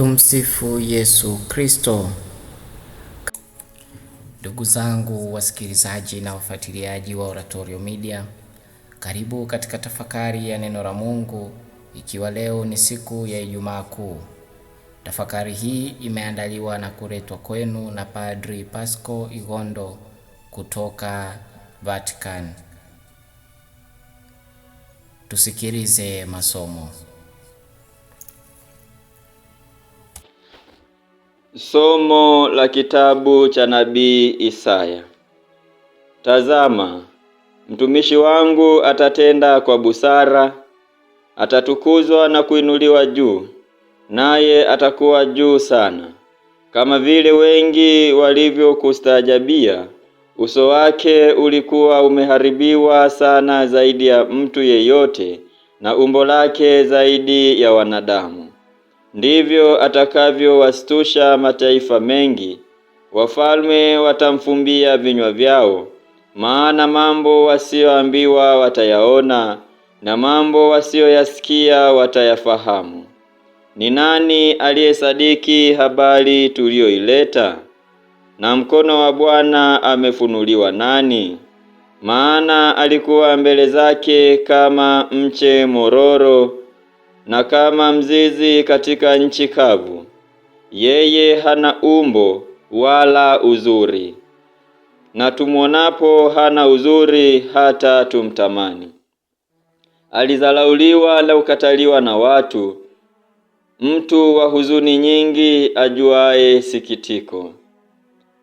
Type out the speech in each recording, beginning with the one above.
Tumsifu Yesu Kristo. Ndugu zangu wasikilizaji na wafuatiliaji wa Oratorio Media, karibu katika tafakari ya neno la Mungu, ikiwa leo ni siku ya Ijumaa Kuu. Tafakari hii imeandaliwa na kuletwa kwenu na Padri Pasco Igondo kutoka Vatican. Tusikilize masomo. Somo la kitabu cha nabii Isaya. Tazama, mtumishi wangu atatenda kwa busara, atatukuzwa na kuinuliwa juu, naye atakuwa juu sana. Kama vile wengi walivyokustaajabia, uso wake ulikuwa umeharibiwa sana zaidi ya mtu yeyote, na umbo lake zaidi ya wanadamu ndivyo atakavyowastusha mataifa mengi. Wafalme watamfumbia vinywa vyao, maana mambo wasiyoambiwa watayaona, na mambo wasiyoyasikia watayafahamu. Ni nani aliyesadiki habari tuliyoileta? Na mkono wa Bwana amefunuliwa nani? Maana alikuwa mbele zake kama mche mororo na kama mzizi katika nchi kavu. Yeye hana umbo wala uzuri, na tumwonapo hana uzuri hata tumtamani. Alizalauliwa na kukataliwa na watu, mtu wa huzuni nyingi, ajuaye sikitiko,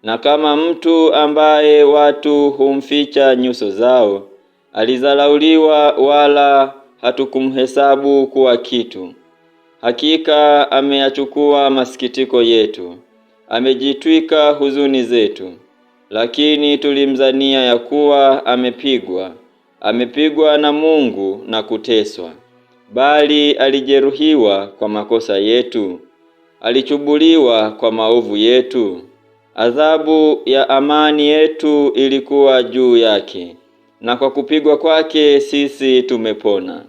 na kama mtu ambaye watu humficha nyuso zao. Alizalauliwa wala hatukumhesabu kuwa kitu. Hakika ameyachukua masikitiko yetu, amejitwika huzuni zetu. Lakini tulimzania ya kuwa amepigwa, amepigwa na Mungu na kuteswa, bali alijeruhiwa kwa makosa yetu, alichubuliwa kwa maovu yetu. Adhabu ya amani yetu ilikuwa juu yake na kwa kupigwa kwake sisi tumepona.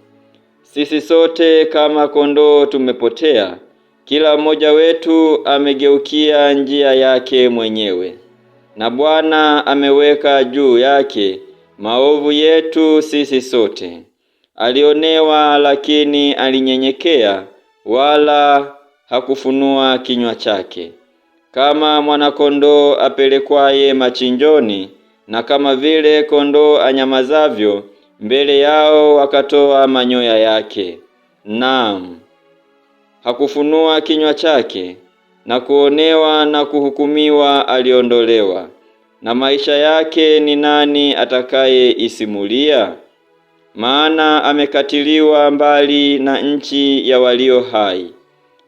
Sisi sote kama kondoo tumepotea, kila mmoja wetu amegeukia njia yake mwenyewe, na Bwana ameweka juu yake maovu yetu sisi sote. Alionewa, lakini alinyenyekea, wala hakufunua kinywa chake. Kama mwanakondoo apelekwaye machinjoni na kama vile kondoo anyamazavyo mbele yao akatoa manyoya yake. Naam, hakufunua kinywa chake, na kuonewa na kuhukumiwa aliondolewa. Na maisha yake ni nani atakayeisimulia? Maana amekatiliwa mbali na nchi ya walio hai,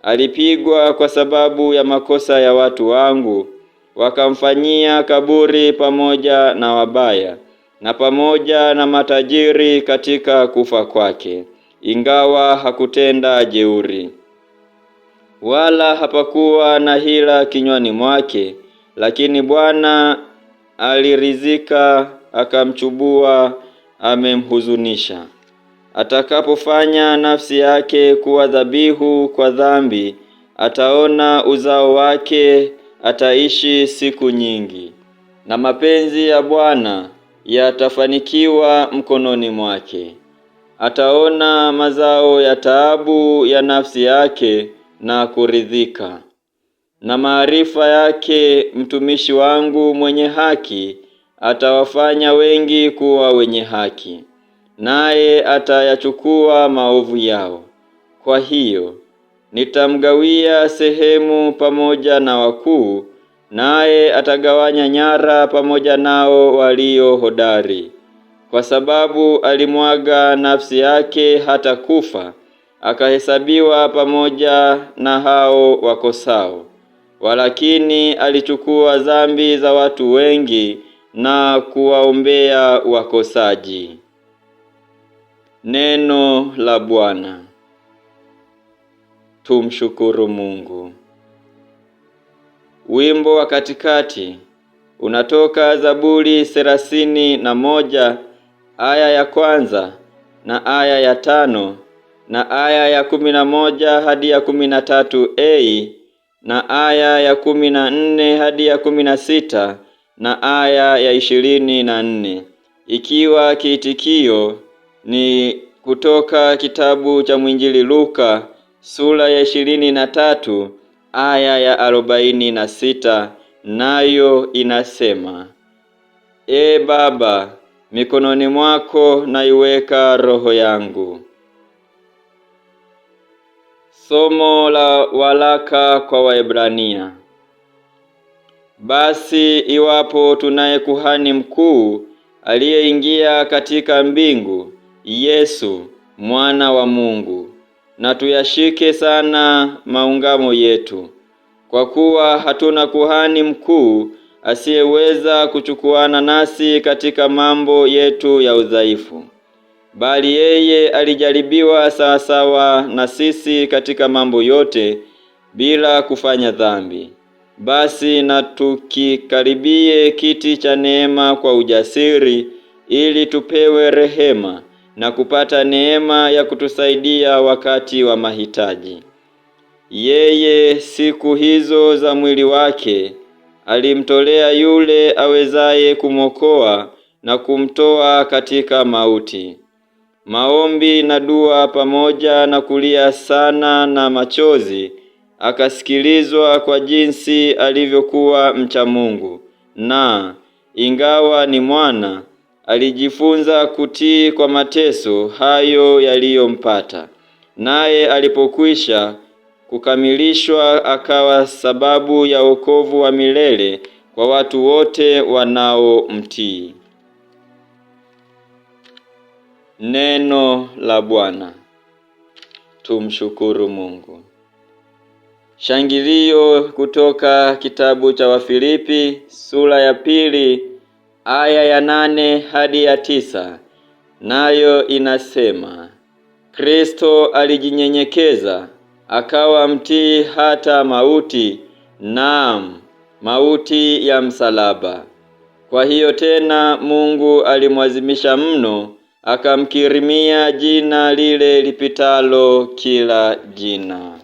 alipigwa kwa sababu ya makosa ya watu wangu wakamfanyia kaburi pamoja na wabaya na pamoja na matajiri katika kufa kwake, ingawa hakutenda jeuri wala hapakuwa na hila kinywani mwake, lakini Bwana alirizika akamchubua, amemhuzunisha. Atakapofanya nafsi yake kuwa dhabihu kwa dhambi, ataona uzao wake ataishi siku nyingi, na mapenzi ya Bwana yatafanikiwa mkononi mwake. Ataona mazao ya taabu ya nafsi yake na kuridhika. Na maarifa yake mtumishi wangu mwenye haki atawafanya wengi kuwa wenye haki, naye atayachukua maovu yao. Kwa hiyo Nitamgawia sehemu pamoja na wakuu, naye atagawanya nyara pamoja nao walio hodari, kwa sababu alimwaga nafsi yake hata kufa, akahesabiwa pamoja na hao wakosao. Walakini alichukua dhambi za watu wengi na kuwaombea wakosaji. Neno la Bwana. Tumshukuru Mungu. Wimbo wa katikati unatoka Zaburi thelathini na moja aya ya kwanza na aya ya tano na aya ya kumi na moja hadi ya kumi na tatu a na aya ya kumi na nne hadi ya kumi na sita na aya ya ishirini na nne ikiwa kiitikio ni kutoka kitabu cha mwinjili Luka sura ya ishirini na tatu aya ya arobaini na sita nayo inasema: E Baba, mikononi mwako naiweka roho yangu. Somo la walaka kwa Waebrania. Basi iwapo tunaye kuhani mkuu aliyeingia katika mbingu, Yesu mwana wa Mungu, na tuyashike sana maungamo yetu, kwa kuwa hatuna kuhani mkuu asiyeweza kuchukuana nasi katika mambo yetu ya udhaifu, bali yeye alijaribiwa sawasawa na sisi katika mambo yote, bila kufanya dhambi. Basi na tukikaribie kiti cha neema kwa ujasiri, ili tupewe rehema na kupata neema ya kutusaidia wakati wa mahitaji. Yeye siku hizo za mwili wake alimtolea yule awezaye kumwokoa na kumtoa katika mauti. Maombi na dua pamoja na kulia sana na machozi, akasikilizwa kwa jinsi alivyokuwa mcha Mungu, na ingawa ni mwana alijifunza kutii kwa mateso hayo yaliyompata, naye alipokwisha kukamilishwa akawa sababu ya wokovu wa milele kwa watu wote wanaomtii. Neno la Bwana. Tumshukuru Mungu. Shangilio kutoka kitabu cha Wafilipi sura ya pili aya ya nane hadi ya tisa nayo inasema Kristo alijinyenyekeza akawa mtii hata mauti, naam, mauti ya msalaba. Kwa hiyo tena Mungu alimwazimisha mno, akamkirimia jina lile lipitalo kila jina.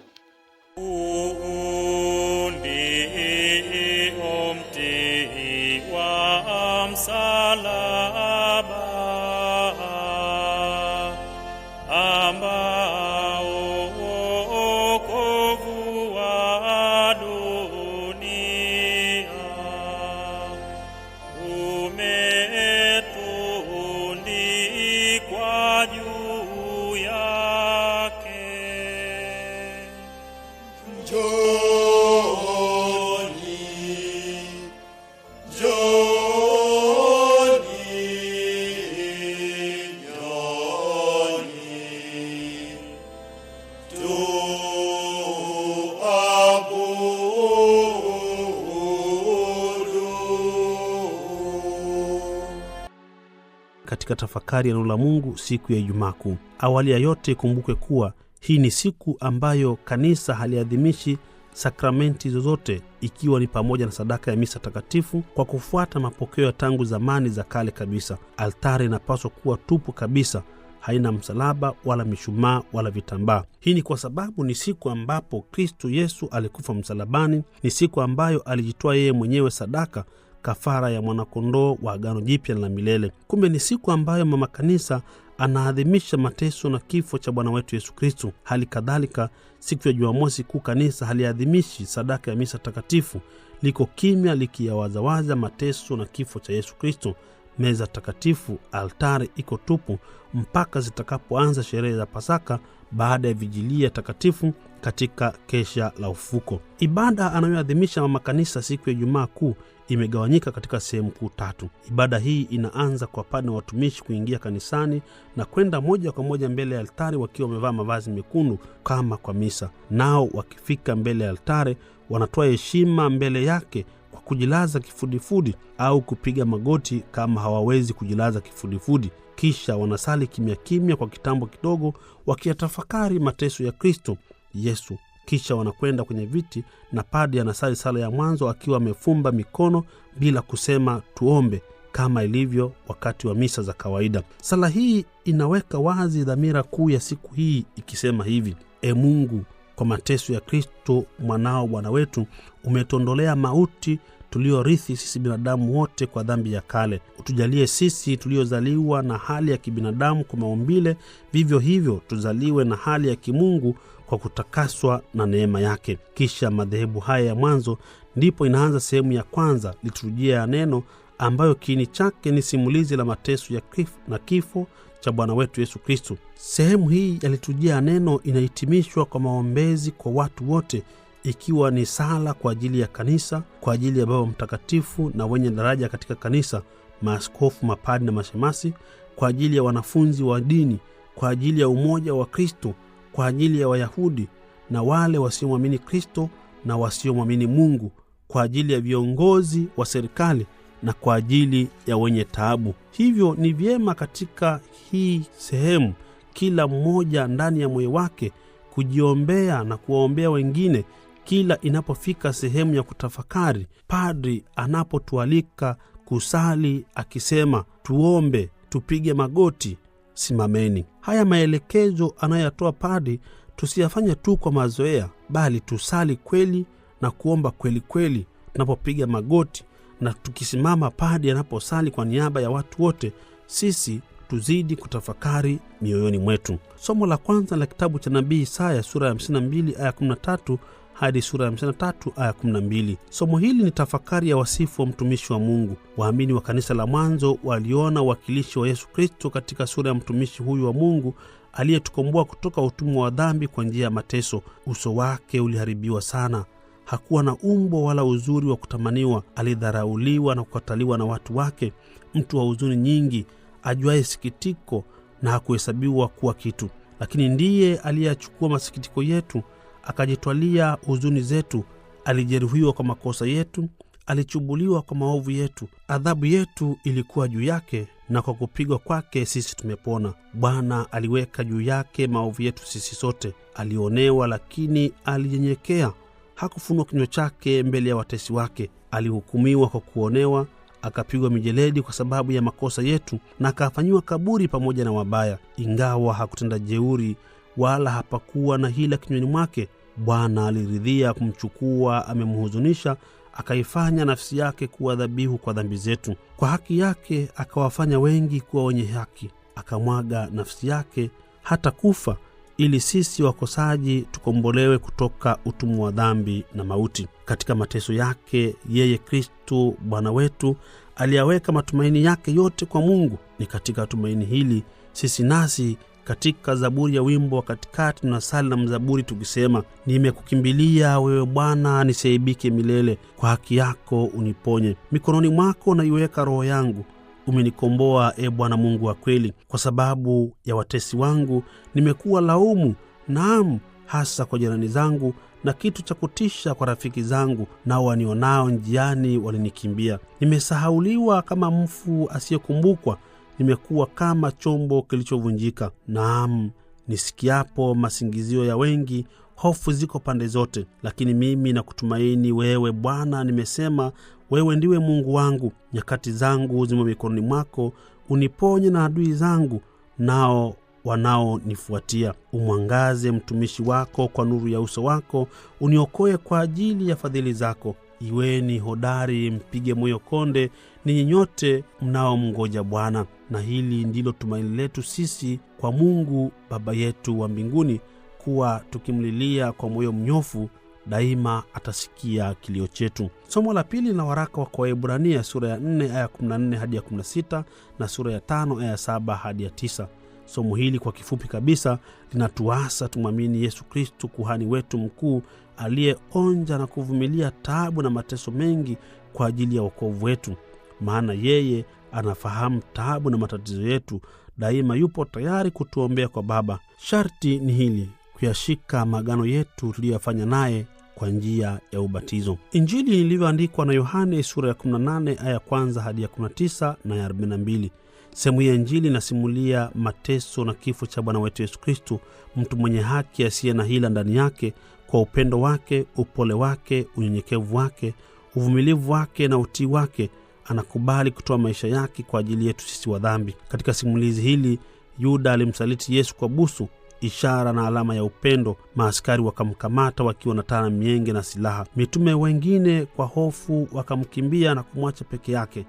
Katika tafakari ya neno la Mungu siku ya Ijumaa Kuu, awali ya yote ikumbukwe kuwa hii ni siku ambayo kanisa haliadhimishi sakramenti zozote ikiwa ni pamoja na sadaka ya misa takatifu, kwa kufuata mapokeo ya tangu zamani za kale kabisa. Altari inapaswa kuwa tupu kabisa, haina msalaba wala mishumaa wala vitambaa. Hii ni kwa sababu ni siku ambapo Kristu Yesu alikufa msalabani, ni siku ambayo alijitoa yeye mwenyewe sadaka kafara ya mwanakondoo wa agano jipya na milele. Kumbe ni siku ambayo mama kanisa anaadhimisha mateso na kifo cha Bwana wetu Yesu Kristu. Hali kadhalika siku ya Jumamosi Kuu, kanisa haliadhimishi sadaka ya misa takatifu, liko kimya likiyawazawaza mateso na kifo cha Yesu Kristu. Meza takatifu, altari iko tupu mpaka zitakapoanza sherehe za Pasaka baada ya vijilia takatifu katika kesha la ufuko. Ibada anayoadhimisha mama kanisa siku ya jumaa Kuu imegawanyika katika sehemu kuu tatu. Ibada hii inaanza kwa padre na watumishi kuingia kanisani na kwenda moja kwa moja mbele ya altari wakiwa wamevaa mavazi mekundu kama kwa misa. Nao wakifika mbele ya altari, wanatoa heshima mbele yake kwa kujilaza kifudifudi au kupiga magoti kama hawawezi kujilaza kifudifudi. Kisha wanasali kimya kimya kwa kitambo kidogo, wakiyatafakari mateso ya Kristo Yesu kisha wanakwenda kwenye viti na padi anasali sala ya mwanzo akiwa amefumba mikono bila kusema tuombe, kama ilivyo wakati wa misa za kawaida. Sala hii inaweka wazi dhamira kuu ya siku hii ikisema hivi: E Mungu, kwa mateso ya Kristo mwanao Bwana wetu umetondolea mauti tuliorithi sisi binadamu wote kwa dhambi ya kale. Utujalie sisi tuliozaliwa na hali ya kibinadamu kwa maumbile, vivyo hivyo tuzaliwe na hali ya kimungu kwa kutakaswa na neema yake. Kisha madhehebu haya ya mwanzo, ndipo inaanza sehemu ya kwanza, liturujia ya neno, ambayo kiini chake ni simulizi la mateso ya kifo na kifo cha Bwana wetu Yesu Kristu. Sehemu hii ya liturujia ya neno inahitimishwa kwa maombezi kwa watu wote, ikiwa ni sala kwa ajili ya kanisa, kwa ajili ya Baba Mtakatifu na wenye daraja katika kanisa, maaskofu, mapadi na mashemasi, kwa ajili ya wanafunzi wa dini, kwa ajili ya umoja wa kristo kwa ajili ya Wayahudi na wale wasiomwamini Kristo na wasiomwamini Mungu, kwa ajili ya viongozi wa serikali na kwa ajili ya wenye taabu. Hivyo ni vyema katika hii sehemu kila mmoja ndani ya moyo wake kujiombea na kuwaombea wengine. Kila inapofika sehemu ya kutafakari, padri anapotualika kusali akisema tuombe, tupige magoti, simameni. Haya maelekezo anayoyatoa padi tusiyafanye tu kwa mazoea, bali tusali kweli na kuomba kweli kweli tunapopiga magoti na tukisimama padi anaposali kwa niaba ya watu wote, sisi tuzidi kutafakari mioyoni mwetu. Somo la kwanza la kitabu cha nabii Isaya sura ya 52 aya 13 hadi sura ya 53 aya 12. Somo hili ni tafakari ya wasifu wa mtumishi wa Mungu. Waamini wa kanisa la mwanzo waliona uwakilishi wa Yesu Kristo katika sura ya mtumishi huyu wa Mungu aliyetukomboa kutoka utumwa wa dhambi kwa njia ya mateso. Uso wake uliharibiwa sana, hakuwa na umbo wala uzuri wa kutamaniwa. Alidharauliwa na kukataliwa na watu wake, mtu wa huzuni nyingi, ajuaye sikitiko, na hakuhesabiwa kuwa kitu, lakini ndiye aliyeachukua masikitiko yetu akajitwalia huzuni zetu, alijeruhiwa kwa makosa yetu, alichubuliwa kwa maovu yetu. Adhabu yetu ilikuwa juu yake, na kwa kupigwa kwake sisi tumepona. Bwana aliweka juu yake maovu yetu sisi sote. Alionewa, lakini alinyenyekea, hakufunua kinywa chake mbele ya watesi wake. Alihukumiwa kwa kuonewa, akapigwa mijeledi kwa sababu ya makosa yetu, na akafanyiwa kaburi pamoja na wabaya. Ingawa hakutenda jeuri, wala hapakuwa na hila kinywani mwake, Bwana aliridhia kumchukua, amemhuzunisha, akaifanya nafsi yake kuwa dhabihu kwa dhambi zetu. Kwa haki yake akawafanya wengi kuwa wenye haki, akamwaga nafsi yake hata kufa, ili sisi wakosaji tukombolewe kutoka utumwa wa dhambi na mauti. Katika mateso yake yeye Kristo Bwana wetu aliyaweka matumaini yake yote kwa Mungu. Ni katika tumaini hili sisi nasi katika Zaburi ya wimbo wa katikati sali na mzaburi tukisema, nimekukimbilia wewe Bwana, nisiaibike milele, kwa haki yako uniponye. Mikononi mwako naiweka roho yangu, umenikomboa e Bwana Mungu wa kweli. Kwa sababu ya watesi wangu nimekuwa laumu, naam, hasa kwa jirani zangu na kitu cha kutisha kwa rafiki zangu, nao wanionao njiani walinikimbia. Nimesahauliwa kama mfu asiyekumbukwa nimekuwa kama chombo kilichovunjika. Naam, nisikiapo masingizio ya wengi, hofu ziko pande zote, lakini mimi nakutumaini wewe Bwana. Nimesema wewe ndiwe Mungu wangu, nyakati zangu zimo mikononi mwako. Uniponye na adui zangu, nao wanaonifuatia. Umwangaze mtumishi wako kwa nuru ya uso wako, uniokoe kwa ajili ya fadhili zako. Iweni hodari, mpige moyo konde, ninyi nyote mnaomngoja Bwana. Na hili ndilo tumaini letu sisi kwa Mungu Baba yetu wa mbinguni, kuwa tukimlilia kwa moyo mnyofu daima atasikia kilio chetu. Somo la pili lina waraka wa Waebrania sura ya 4 aya 14 hadi ya 16 na sura ya 5 aya 7 hadi ya 9. Somo hili kwa kifupi kabisa linatuasa tumwamini Yesu Kristu, kuhani wetu mkuu, aliyeonja na kuvumilia tabu na mateso mengi kwa ajili ya wokovu wetu, maana yeye anafahamu tabu na matatizo yetu. Daima yupo tayari kutuombea kwa Baba. Sharti ni hili, kuyashika magano yetu tuliyoyafanya naye kwa njia ya ubatizo. Injili ilivyoandikwa na Yohane sura ya 18 aya kwanza hadi ya 19 na ya 42. Sehemu ya Injili inasimulia mateso na kifo cha Bwana wetu Yesu Kristu, mtu mwenye haki asiye na hila ndani yake, kwa upendo wake, upole wake, unyenyekevu wake, uvumilivu wake na utii wake anakubali kutoa maisha yake kwa ajili yetu sisi wa dhambi. Katika simulizi hili, Yuda alimsaliti Yesu kwa busu, ishara na alama ya upendo. Maaskari wakamkamata wakiwa na taa mienge na silaha. Mitume wengine kwa hofu wakamkimbia na kumwacha peke yake.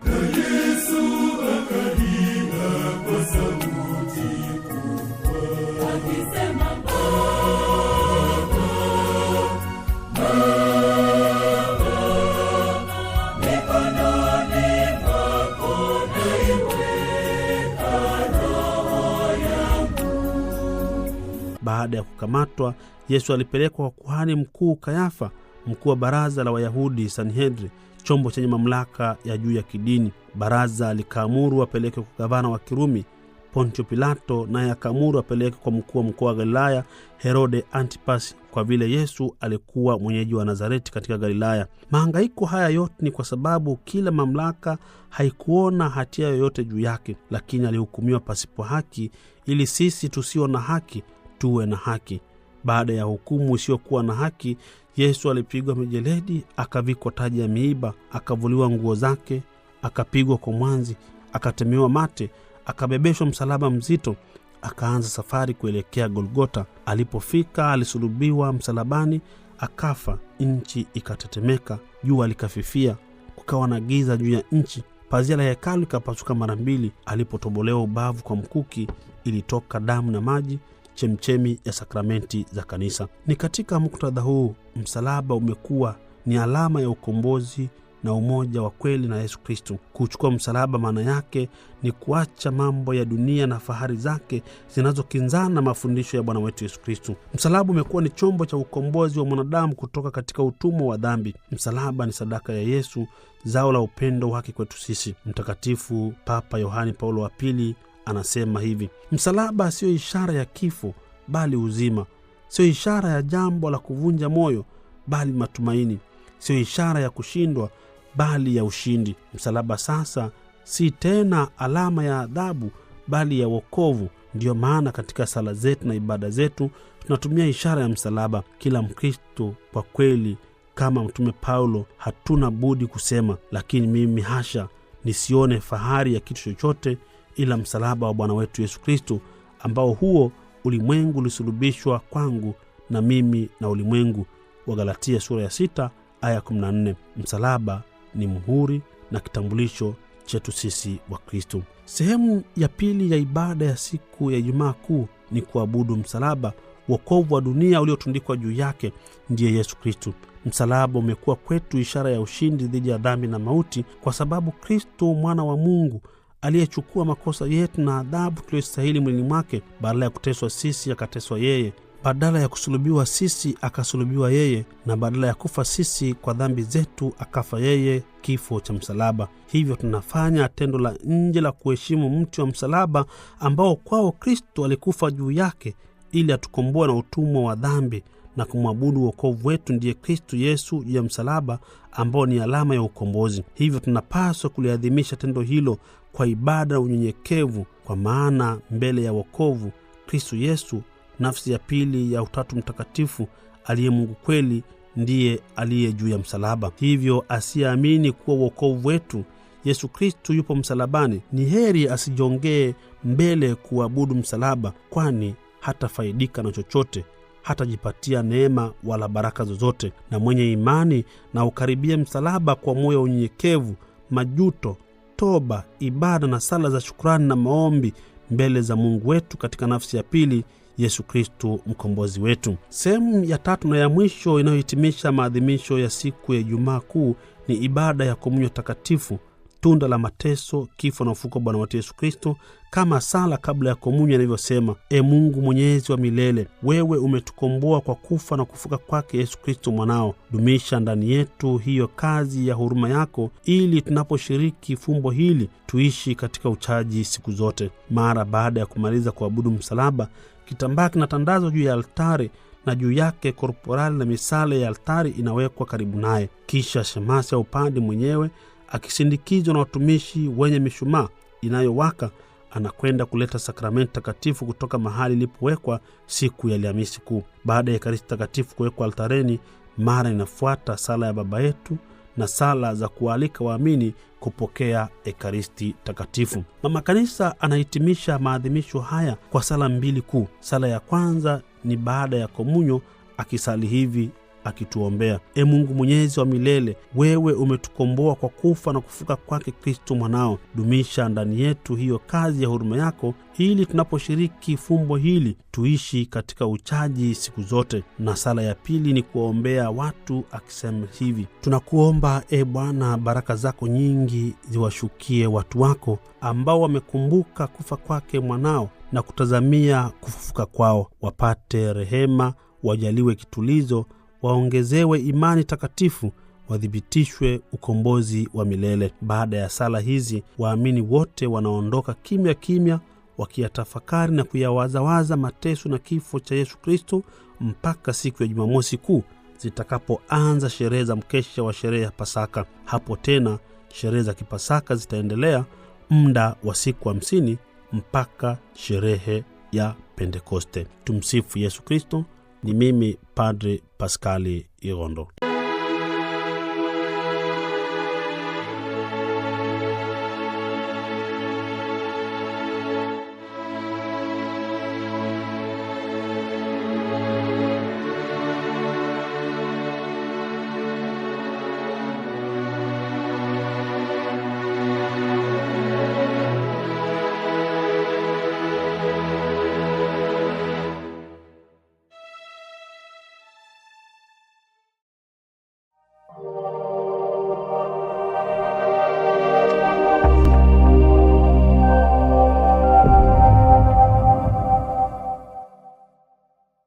Baada ya kukamatwa, Yesu alipelekwa kwa kuhani mkuu Kayafa, mkuu wa baraza la Wayahudi, Sanhedri, chombo chenye mamlaka ya juu ya kidini. Baraza likaamuru apelekwe kwa gavana wa Kirumi Pontio Pilato, naye akaamuru apelekwe kwa mkuu wa mkoa wa Galilaya Herode Antipas, kwa vile Yesu alikuwa mwenyeji wa Nazareti katika Galilaya. maangaiko haya yote ni kwa sababu kila mamlaka haikuona hatia yoyote juu yake, lakini alihukumiwa pasipo haki, ili sisi tusio na haki tuwe na haki. Baada ya hukumu isiyokuwa na haki, Yesu alipigwa mijeledi, akavikwa taji ya miiba, akavuliwa nguo zake, akapigwa kwa mwanzi, akatemewa mate, akabebeshwa msalaba mzito, akaanza safari kuelekea Golgota. Alipofika alisulubiwa msalabani, akafa. Nchi ikatetemeka, jua likafifia, kukawa na giza juu ya nchi. Pazia la hekalu ikapasuka mara mbili. Alipotobolewa ubavu kwa mkuki, ilitoka damu na maji chemchemi ya sakramenti za kanisa. Ni katika muktadha huu msalaba umekuwa ni alama ya ukombozi na umoja wa kweli na Yesu Kristo. Kuchukua msalaba maana yake ni kuacha mambo ya dunia na fahari zake zinazokinzana na mafundisho ya Bwana wetu Yesu Kristo. Msalaba umekuwa ni chombo cha ukombozi wa mwanadamu kutoka katika utumwa wa dhambi. Msalaba ni sadaka ya Yesu, zao la upendo wake kwetu sisi. Mtakatifu Papa Yohani Paulo wa Pili anasema hivi: msalaba siyo ishara ya kifo, bali uzima; siyo ishara ya jambo la kuvunja moyo, bali matumaini; siyo ishara ya kushindwa, bali ya ushindi. Msalaba sasa si tena alama ya adhabu, bali ya wokovu. Ndiyo maana katika sala zetu na ibada zetu tunatumia ishara ya msalaba. Kila Mkristo kwa kweli, kama Mtume Paulo, hatuna budi kusema, lakini mimi hasha, nisione fahari ya kitu chochote ila msalaba wa Bwana wetu Yesu Kristo, ambao huo ulimwengu ulisulubishwa kwangu na mimi na ulimwengu. Wagalatia sura ya sita aya 14. Msalaba ni mhuri na kitambulisho chetu sisi wa Kristo. Sehemu ya pili ya ibada ya siku ya Ijumaa Kuu ni kuabudu msalaba. Wokovu wa dunia uliotundikwa juu yake ndiye Yesu Kristo. Msalaba umekuwa kwetu ishara ya ushindi dhidi ya dhambi na mauti, kwa sababu Kristo mwana wa Mungu aliyechukua makosa yetu na adhabu tuliyostahili mwilini mwake. Badala ya kuteswa sisi, akateswa yeye badala ya kusulubiwa sisi akasulubiwa yeye, na badala ya kufa sisi kwa dhambi zetu akafa yeye kifo cha msalaba. Hivyo tunafanya tendo la nje la kuheshimu mti wa msalaba ambao kwao Kristo alikufa juu yake ili atukomboe na utumwa wa dhambi na kumwabudu uokovu wetu ndiye Kristo Yesu juu ya msalaba ambao ni alama ya ukombozi. Hivyo tunapaswa kuliadhimisha tendo hilo kwa ibada na unyenyekevu, kwa maana mbele ya wokovu kristu Yesu, nafsi ya pili ya Utatu Mtakatifu, aliye Mungu kweli, ndiye aliye juu ya msalaba. Hivyo asiyeamini kuwa uokovu wetu Yesu Kristu yupo msalabani, ni heri asijongee mbele kuabudu msalaba, kwani hatafaidika na chochote, hatajipatia neema wala baraka zozote. Na mwenye imani na ukaribie msalaba kwa moyo wa unyenyekevu, majuto toba, ibada na sala za shukrani na maombi mbele za Mungu wetu katika nafsi ya pili, Yesu Kristu mkombozi wetu. Sehemu ya tatu na ya mwisho inayohitimisha maadhimisho ya siku ya Ijumaa Kuu ni ibada ya komunyo takatifu tunda la mateso, kifo na ufuko wa Bwana wetu Yesu Kristo, kama sala kabla ya komunywa inavyosema: E Mungu mwenyezi wa milele, wewe umetukomboa kwa kufa na kufuka kwake Yesu Kristo mwanao, dumisha ndani yetu hiyo kazi ya huruma yako, ili tunaposhiriki fumbo hili tuishi katika uchaji siku zote. Mara baada ya kumaliza kuabudu msalaba, kitambaa kinatandazwa juu ya altari na juu yake korporali na misale ya altari inawekwa karibu naye. Kisha shemasi ya upande mwenyewe akisindikizwa na watumishi wenye mishumaa inayowaka anakwenda kuleta sakramenti takatifu kutoka mahali ilipowekwa siku ya liamisi Kuu. Baada ya Ekaristi takatifu kuwekwa altareni, mara inafuata sala ya Baba yetu na sala za kuwaalika waamini kupokea Ekaristi takatifu. Mama Kanisa anahitimisha maadhimisho haya kwa sala mbili kuu. Sala ya kwanza ni baada ya komunyo, akisali hivi akituombea. E Mungu Mwenyezi wa milele, wewe umetukomboa kwa kufa na kufuka kwake Kristo mwanao. Dumisha ndani yetu hiyo kazi ya huruma yako, ili tunaposhiriki fumbo hili tuishi katika uchaji siku zote. Na sala ya pili ni kuwaombea watu akisema hivi: tunakuomba e Bwana, baraka zako nyingi ziwashukie watu wako ambao wamekumbuka kufa kwake mwanao na kutazamia kufufuka kwao, wapate rehema, wajaliwe kitulizo waongezewe imani takatifu, wathibitishwe ukombozi wa milele. Baada ya sala hizi, waamini wote wanaondoka kimya kimya, wakiyatafakari na kuyawazawaza mateso na kifo cha Yesu Kristo mpaka siku ya Jumamosi Kuu zitakapoanza sherehe za mkesha wa sherehe ya Pasaka. Hapo tena sherehe za kipasaka zitaendelea muda wa siku hamsini mpaka sherehe ya Pentekoste. Tumsifu Yesu Kristo. Ni mimi Padre Paskali Irondo.